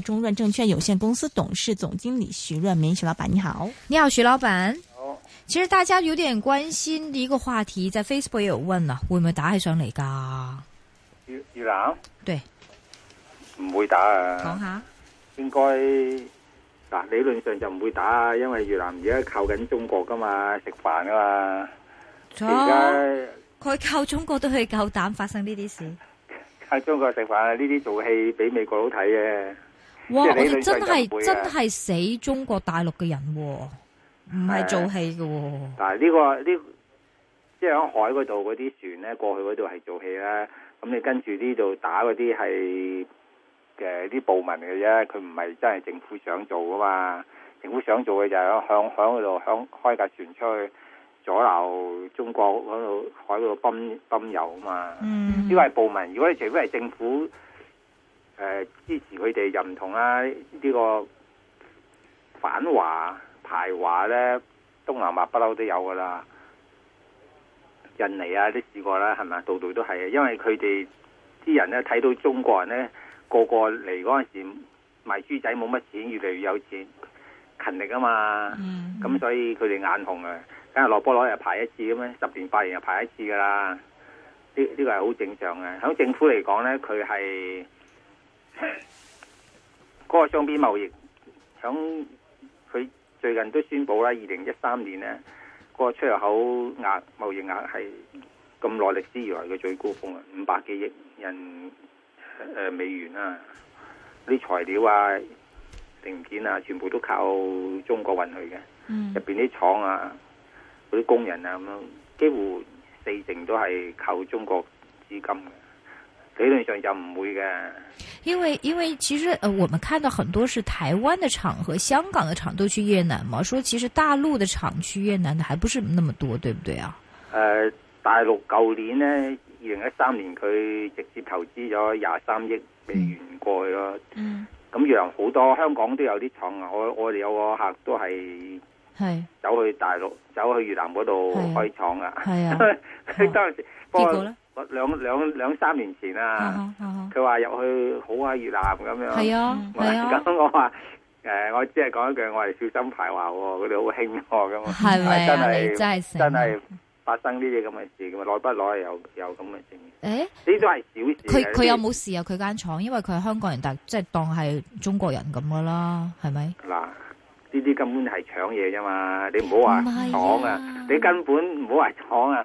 中潤證券有限公司董事總經理徐潤民，徐老闆你好，你好徐老闆。好其實大家有點關心一個話題，在 Facebook 有問啊，會唔會打起上嚟噶？越越南？對，唔會打啊。講下，應該嗱、啊、理論上就唔會打、啊，因為越南而家靠緊中國噶嘛，食飯噶、啊、嘛。佢說在靠中國都可以夠膽發生呢啲事。靠中國食飯、啊，呢啲做戲畀美國佬睇嘅。哇，啊、哇！我哋真係真係死中國大陸嘅人喎、啊，唔係做戲嘅喎、啊啊。但、這個這個就是、那那呢個呢，即係喺海嗰度嗰啲船咧，過去嗰度係做戲啦。咁、嗯、你跟住呢度打嗰啲係呃啲暴民嘅啫，佢唔係真係政府想做㗎嘛。政府想做嘅就係響響度響開架船出去阻撓中國度海嗰度泵泵油啊嘛。呢個係暴民。如果你除非係政府。誒、呃、支持佢哋就唔同啦、啊。呢、呢個反華排華咧，東南亞不嬲都有噶啦。印尼啊，都試過啦，係咪？度度都係，因為佢哋啲人咧睇到中國人咧個個嚟嗰陣時賣豬仔冇乜錢，越嚟越有錢勤力啊嘛。咁、mm hmm. 所以佢哋眼紅啊。梗係落波攞又排一次咁樣，十年八年又排一次噶啦。呢、呢、呢個係好、呢個、正常嘅。響政府嚟講咧，佢係。嗰個雙邊貿易響佢最近都宣布啦，二零一三年呢，個出入口額貿易額係咁耐歷史以來嘅最高峰啊，五百幾億人誒美元啊。啲材料啊、零件啊，全部都靠中國運去嘅。入邊啲廠啊，嗰啲工人啊，咁樣幾乎四成都係靠中國資金嘅。理論上就唔會嘅。因為因為其實，呃，我們看到很多是台灣的廠和香港的廠都去越南嘛，說其實大陸的廠去越南的還不是那麼多，對不對啊？誒、呃，大陸舊年呢，二零一三年佢直接投資咗廿三億美元過去咯、嗯。嗯，咁越南好多香港都有啲廠啊，我我哋有個客都係係走去大陸，啊、走去越南嗰度開廠啊。係啊，佢當時結果咧？啊過兩兩兩三年前啊，佢話入去好啊越南咁樣，咁我話誒、欸，我只係講一句，我係小心排華，佢哋好興咁，係咪真係真係發生呢啲咁嘅事？咁啊，耐不耐有有咁嘅事？誒、欸，呢都係小事。佢佢有冇事啊？佢間廠，因為佢係香港人，但即係當係中國人咁噶啦，係咪？嗱，呢啲根本係搶嘢啫嘛，你唔好話廠啊，啊你根本唔好話廠啊。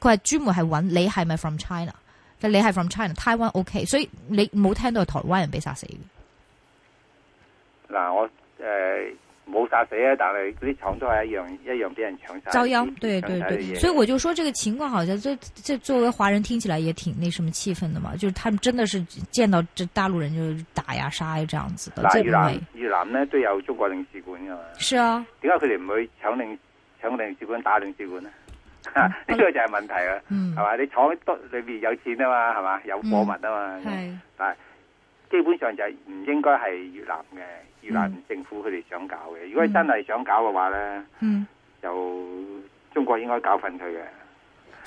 佢係專門係揾你，係咪 from China？即係你係 from China，Taiwan OK，所以你冇聽到台灣人被殺死嘅。嗱，我誒冇殺死啊，但係嗰啲廠都係一樣，一樣俾人搶晒。遭殃，對對對，對，所以我就說，這個情況好像，即這作為華人聽起來也挺那什麼氣氛的嘛。就他們真的是見到這大陸人就打呀、殺呀這樣子的。即係越南呢都有中國領事館嘅嘛。是啊。點解佢哋唔去搶領搶領事館打領事館呢？啊！呢、這個就係問題啦，係、嗯、嘛？你坐喺度裏邊有錢啊嘛，係嘛、嗯？有貨物啊嘛，係是，係基本上就係唔應該係越南嘅越南政府佢哋想搞嘅。嗯、如果真係想搞嘅話咧，嗯、就中國應該教訓佢嘅。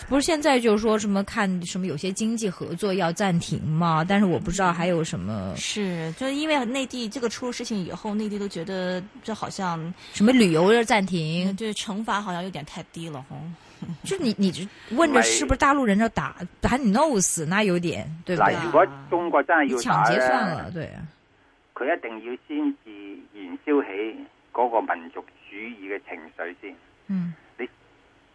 不是現在就是說什麼看什麼有些經濟合作要暫停嘛，但是我不知道還有什麼。是，就因為內地這個出事情以後，內地都覺得就好像什麼旅遊要暫停、嗯，就是懲罰好像有點太低了，嗯 就你，你就問着是不是大陸人就打是打你弄死，那有點對吧、啊？如果中國真係要搶劫算了，對啊，佢一定要先至燃燒起嗰個民族主義嘅情緒先。嗯，你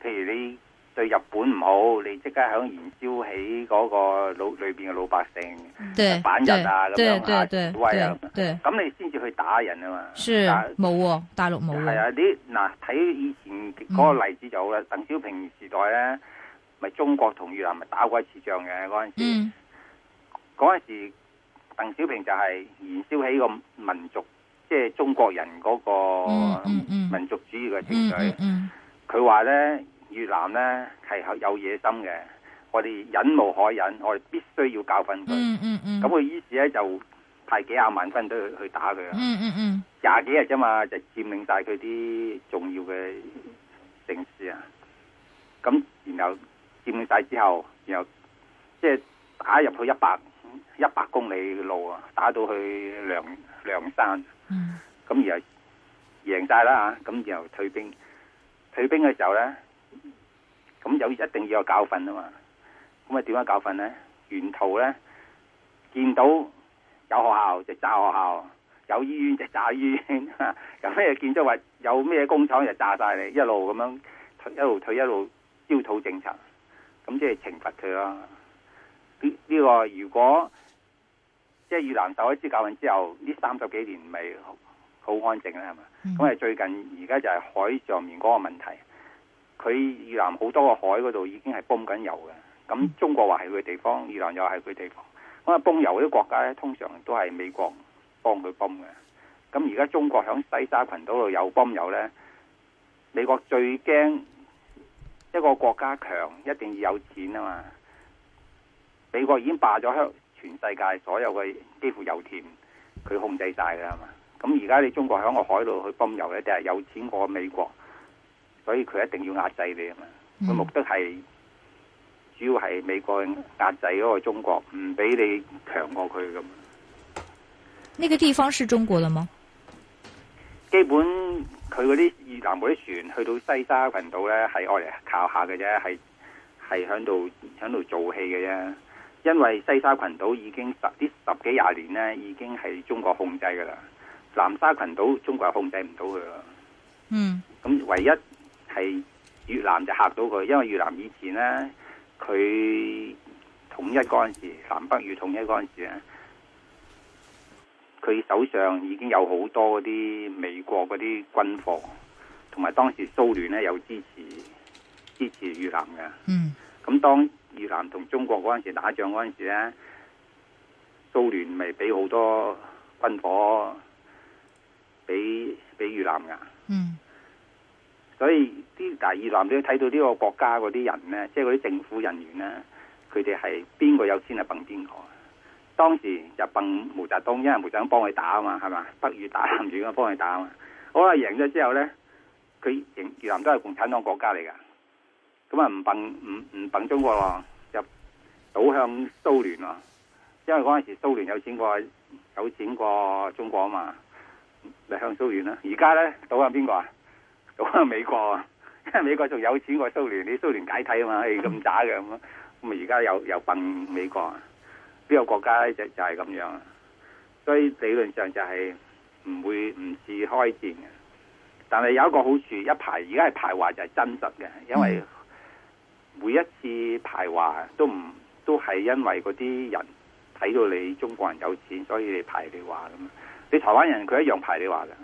譬如你。對日本唔好，你即刻響燃燒起嗰個老裏邊嘅老百姓，對反日啊，咁樣吓，威啊，咁你先至去打人啊嘛。是啊，冇但，大陸冇。係啊，啲嗱睇以前嗰個例子就好啦。鄧、嗯、小平時代咧，咪中國同越南咪打過一次仗嘅嗰陣時，陣、嗯、時鄧小平就係燃燒起個民族，即、就、係、是、中國人嗰個民族主義嘅情緒。佢話咧。嗯嗯嗯嗯嗯嗯嗯嗯越南呢係有野心嘅，我哋忍無可忍，我哋必須要教訓佢。咁佢、嗯嗯、於是呢就派幾廿萬軍隊去，去打佢啊。廿幾日啫嘛，就佔領晒佢啲重要嘅城市啊。咁然後佔領晒之後，然後即係打入去一百一百公里嘅路啊，打到去梁梁山。咁然後贏晒啦，咁然後退兵。退兵嘅時候呢。咁有一定要有教訓啊嘛，咁啊點樣教訓呢？沿途呢，見到有學校就炸學校，有醫院就炸醫院， 有咩建築物，有咩工廠就炸晒你，一路咁樣退，一路退，一路焦土政策，咁即係懲罰佢啦。呢、這、呢個如果即係、就是、越南受一啲教訓之後，呢三十幾年咪好安靜啦，係嘛？咁啊、mm. 最近而家就係海上面嗰個問題。佢越南好多個海嗰度已經係泵緊油嘅，咁中國話係佢地方，越南又係佢地方。咁啊泵油啲國家咧，通常都係美國幫佢泵嘅。咁而家中國響西沙群島度有泵油咧，美國最驚一個國家強，一定要有錢啊嘛！美國已經霸咗全世界所有嘅幾乎油田，佢控制晒㗎啦嘛。咁而家你中國響個海度去泵油咧，就係有錢過美國。所以佢一定要壓制你啊嘛！佢、嗯、目的係主要係美國壓制嗰個中國，唔俾你強過佢咁。那個地方是中國嘅嗎？基本佢嗰啲越南嗰啲船去到西沙群島呢，係愛嚟靠下嘅啫，係係響度響度做戲嘅啫。因為西沙群島已經十啲十幾廿年呢，已經係中國控制嘅啦。南沙群島中國係控制唔到佢咯。嗯。咁唯一係越南就嚇到佢，因為越南以前呢，佢統一嗰陣時，南北越統一嗰陣時呢，佢手上已經有好多啲美國嗰啲軍火，同埋當時蘇聯呢有支持支持越南嘅。嗯。咁當越南同中國嗰陣時打仗嗰陣時呢，蘇聯咪俾好多軍火俾俾越南噶。嗯。所以。啲大越南，你睇到呢個國家嗰啲人咧，即係嗰啲政府人員咧，佢哋係邊個有錢啊？笨邊個？當時就笨毛澤東，因為毛澤東幫佢打啊嘛，係嘛？北越打南越幫佢打啊嘛。好啦，贏咗之後咧，佢越越南都係共產黨國家嚟噶，咁啊唔笨唔唔笨中國就倒向蘇聯咯。因為嗰陣時蘇聯有錢過有錢過中國啊嘛，咪向蘇聯啦。而家咧倒向邊個啊？倒向美國啊？美國仲有錢過蘇聯，你蘇聯解體啊嘛，咁渣嘅咁，咁而家又又笨美國，邊個國家就就係咁樣，所以理論上就係唔會唔似開戰嘅，但係有一個好處，一排而家係排華就係真實嘅，因為每一次排華都唔都係因為嗰啲人睇到你中國人有錢，所以你排你話咁，你台灣人佢一樣排你話嘅。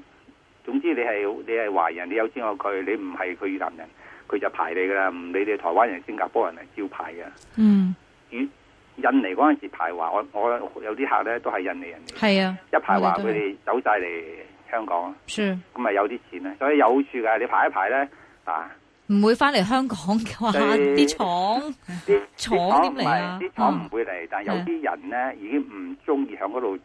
總之你係你係華人，你有錢過佢，你唔係佢越南人，佢就排你噶啦，唔理你台灣人、新加坡人係招牌嘅。嗯，越、嗯、印尼嗰陣時候排華，我我有啲客咧都係印尼人的。係啊，一排華佢哋走晒嚟香港。是咁啊，有啲錢啊，所以有好處嘅。你排一排咧啊，唔會翻嚟香港嘅話，啲廠啲廠點嚟啲廠唔會嚟，啊、但係有啲人咧已經唔中意響嗰度。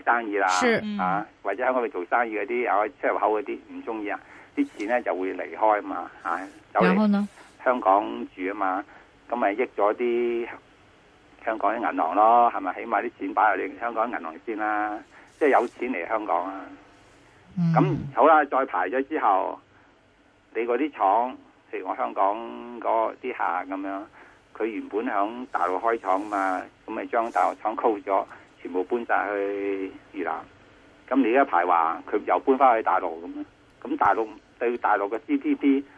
做生意啦，嗯、啊，或者喺我哋做生意嗰啲，有出入口嗰啲唔中意啊，啲錢呢就會離開嘛，啊，就嚟香港住啊嘛，咁咪益咗啲香港啲銀行咯，係咪？起碼啲錢擺喺香港銀行先啦，即係有錢嚟香港啊。咁、嗯、好啦，再排咗之後，你嗰啲廠，譬如我香港嗰啲客咁樣，佢原本喺大陸開廠嘛，咁咪將大陸廠 close 咗。全部搬曬去越南，咁你一排話，佢又搬翻去大陸咁樣，咁大陸，對大陸嘅 GDP？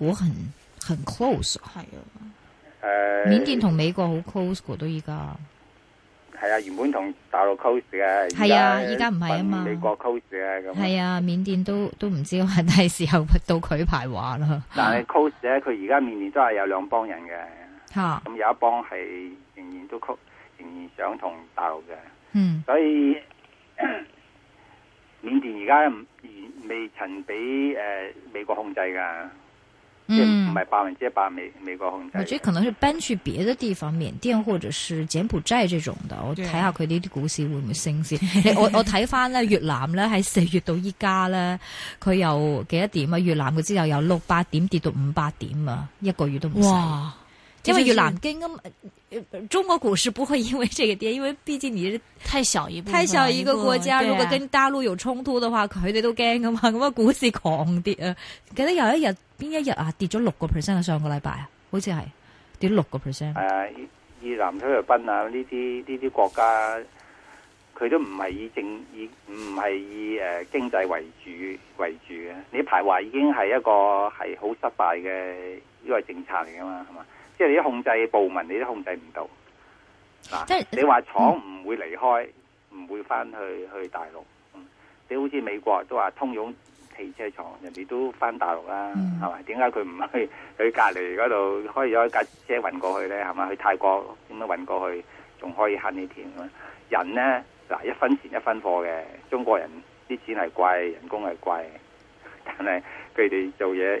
我很很 close，係啊。緬、uh，甸同美國好 close，到而家。係啊，原本同大陸 close 嘅。係啊，而家唔係啊嘛。美國 close 嘅，咁係啊。緬甸都都唔知道，話第時候到佢排話啦。但係 close 咧，佢而家緬甸都係有兩幫人嘅。吓、啊，咁有一幫係仍然都 close，仍然想同大陸嘅。嗯，所以緬、呃、甸而家未曾俾誒、呃、美國控制噶。即唔係百分之一百美美國控制，我覺得可能是搬去別嘅地方，緬甸或者是柬埔寨這種的。我睇下佢呢啲股市會唔會升先。 我我睇翻咧越南咧喺四月到依家咧，佢由幾多點啊？越南佢之後由六百點跌到五百點啊，一個月都唔。哇因為越南驚噉中國股市不會因為這個跌，因為畢竟你太小一太小一個國家。的如果跟大陸有衝突嘅話，佢哋都驚噶嘛，咁啊股市狂跌啊！記得有一日，邊一日啊跌咗六個 percent 啊！上個禮拜啊，好似係跌六個 percent。係啊，越、啊、南、菲律賓啊呢啲呢啲國家，佢都唔係以政以唔係以誒、啊、經濟為主為主嘅、啊。你排華已經係一個係好失敗嘅呢個政策嚟噶嘛，係嘛？即係你啲控制部門，你都控制唔到。嗱、啊，你話廠唔會離開，唔、嗯、會翻去去大陸。你好似美國都話通用汽車廠，人哋都翻大陸啦，係嘛、嗯？點解佢唔去去隔籬嗰度開咗一架車運過去咧？係嘛？去泰國點樣運過去，仲可以慳啲錢？人呢，嗱，一分錢一分貨嘅，中國人啲錢係貴，人工係貴，但係佢哋做嘢。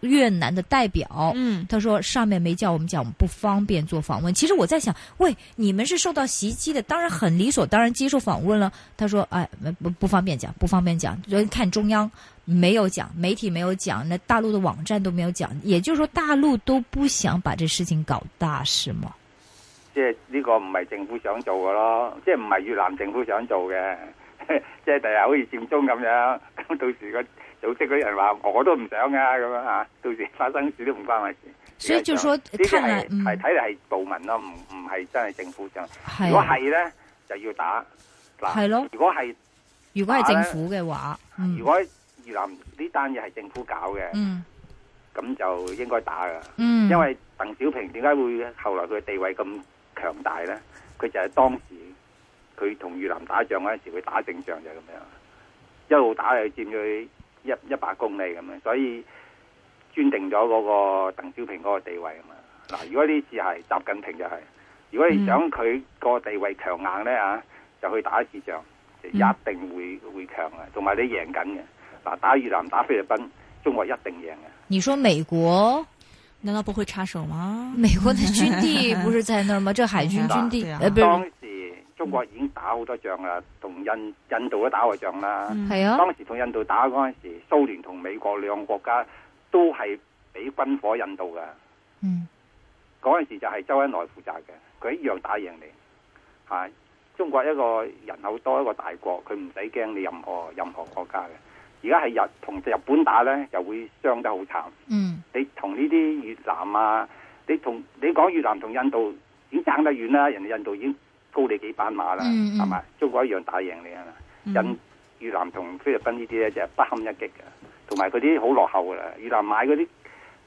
越南的代表，嗯，他說上面沒叫我們講，我們不方便做訪問。其實我在想，喂，你們是受到襲擊的，當然很理所當然接受訪問了。他說，哎，不不方便講，不方便講。所以看中央沒有講，媒體沒有講，那大陸的網站都沒有講，也就是說大陸都不想把這事情搞大，是嗎？即係呢個唔係政府想做嘅咯，即係唔係越南政府想做嘅， 即係第日好似佔中咁樣，到時個。組織嗰啲人話我都唔想啊，咁樣吓，到時發生事都唔關我事。所以就說，睇嚟係，睇嚟係暴民咯，唔唔係真係政府上。如果係咧，就要打。嗱，如果係，如果係政府嘅話，如果越南呢單嘢係政府搞嘅，咁就應該打噶。因為鄧小平點解會後來佢地位咁強大咧？佢就係當時佢同越南打仗嗰陣時，佢打正仗就係咁樣，一路打去佔佢。一一百公里咁樣，所以奠定咗嗰個鄧小平嗰個地位啊嘛。嗱，如果呢次係習近平就係、是，如果你想佢個地位強硬咧嚇、嗯啊，就去打一次仗，就一定會會強嘅，同埋你贏緊嘅。嗱，打越南、打菲律賓，中國一定贏嘅。你說美國難道不會插手嗎？美國的軍地不是在那兒嗎？這海軍軍地啊，誒、啊，啊、如當。中國已經打好多仗，了跟很多仗了，嗯、啊，同印印度都打過仗啦。係啊，當時同印度打嗰陣時，蘇聯同美國兩個國家都係俾軍火印度嘅。嗯，嗰陣時就係周恩來負責嘅，佢一樣打贏你，啊、中國一個人口多一個大國，佢唔使驚你任何任何國家嘅。而家係日同日本打呢，又會傷得好慘。嗯，你同呢啲越南啊，你同你講越南同印，印度已經差得遠啦，人哋印度已經。租你幾班馬啦，係嘛、嗯嗯？中國一樣打贏你啊、嗯！越南同菲律賓呢啲咧就係不堪一擊嘅，同埋啲好落後㗎啦。越南買嗰啲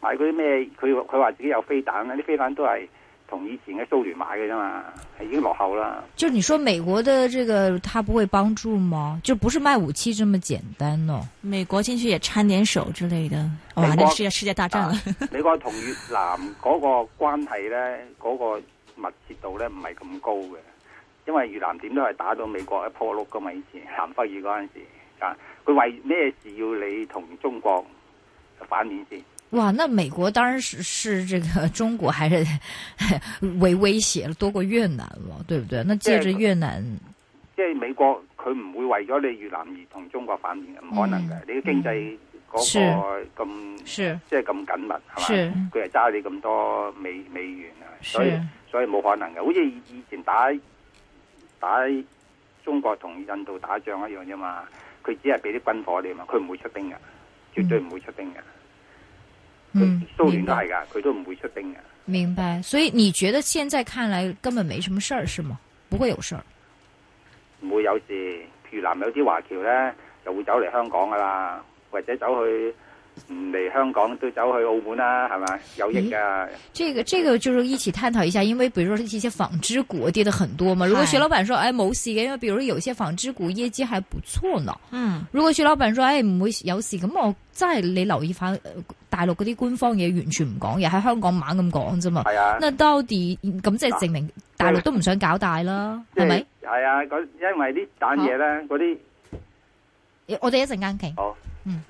買嗰啲咩？佢佢話自己有飛彈，嗰啲飛彈都係同以前嘅蘇聯買嘅啫嘛，係已經落後啦。就你說美國的這個，他不會幫助嗎？就不是賣武器這麼簡單哦。美國先去也摻點手之類的，哇！那世界世界大戰。美國同越南嗰個關係咧，嗰、那個密切度咧唔係咁高嘅。因為越南點都係打到美國一坡碌噶嘛，以前南越嗰陣時，佢為咩事要你同中國反面先？哇！那美國當然是是這個中國還是為威脅了多過越南咯，對不對？那借着越南，即係美國佢唔會為咗你越南而同中國反面嘅，唔可能嘅。嗯、你啲經濟嗰、嗯、個咁，是即係咁緊密係嘛？佢係揸你咁多美美元啊是，所以所以冇可能嘅。好似以前打。打中國同印度打仗一樣啫嘛，佢只係俾啲軍火你嘛，佢唔會出兵嘅，絕對唔會出兵嘅。蘇聯、嗯、都係噶，佢、嗯、都唔會出兵嘅。明白，所以你覺得現在看來根本沒什麼事，是嗎？不會有事。唔會有事，越南有啲華僑呢，就會走嚟香港噶啦，或者走去。唔嚟香港都走去澳門啦，係咪有益噶？這個這個就是一起探討一下，因為比如說一些紡織股跌得很多嘛。是如果徐老闆說，誒、哎、冇事嘅，因為比如說有些紡織股業績還不錯呢。嗯。如果徐老闆說，誒、哎、唔會有事咁，那我真係你留意下大陸嗰啲官方嘢完全唔講，又喺香港猛咁講啫嘛。係啊，啊。那到底 d y 咁即係證明大陸都唔想搞大啦，係咪？係啊，因為這些呢單嘢咧，嗰啲我哋一陣間傾。好。嗯。